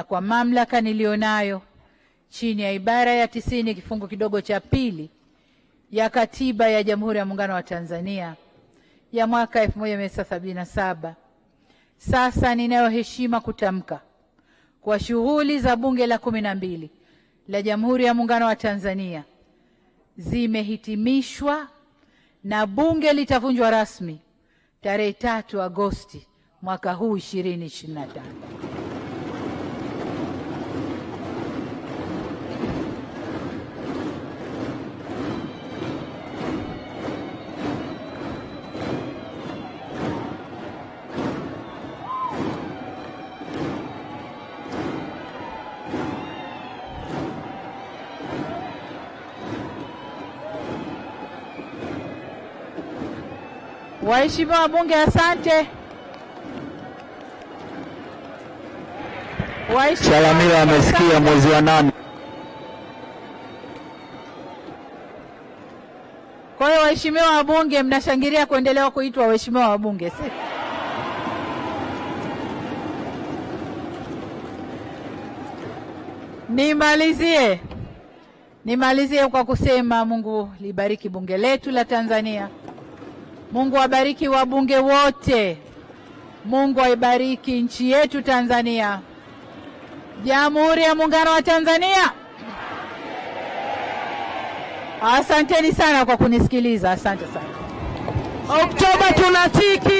Na kwa mamlaka niliyonayo chini ya ibara ya tisini kifungu kidogo cha pili ya Katiba ya Jamhuri ya Muungano wa Tanzania ya mwaka 1977, sasa ninayo heshima kutamka kwa shughuli za Bunge la kumi na mbili la Jamhuri ya Muungano wa Tanzania zimehitimishwa na Bunge litavunjwa rasmi tarehe tatu Agosti mwaka huu 2025. Waheshimiwa wabunge, asante. Chalamila amesikia mwezi wa nane. Kwa hiyo waheshimiwa wabunge, mnashangilia kuendelea kuitwa waheshimiwa wabunge. Nimalizie, nimalizie kwa kusema Mungu libariki bunge letu la Tanzania. Mungu wabariki wabunge wote. Mungu aibariki nchi yetu Tanzania, Jamhuri ya Muungano wa Tanzania. Asanteni sana kwa kunisikiliza. Asante sana. Oktoba tunatiki.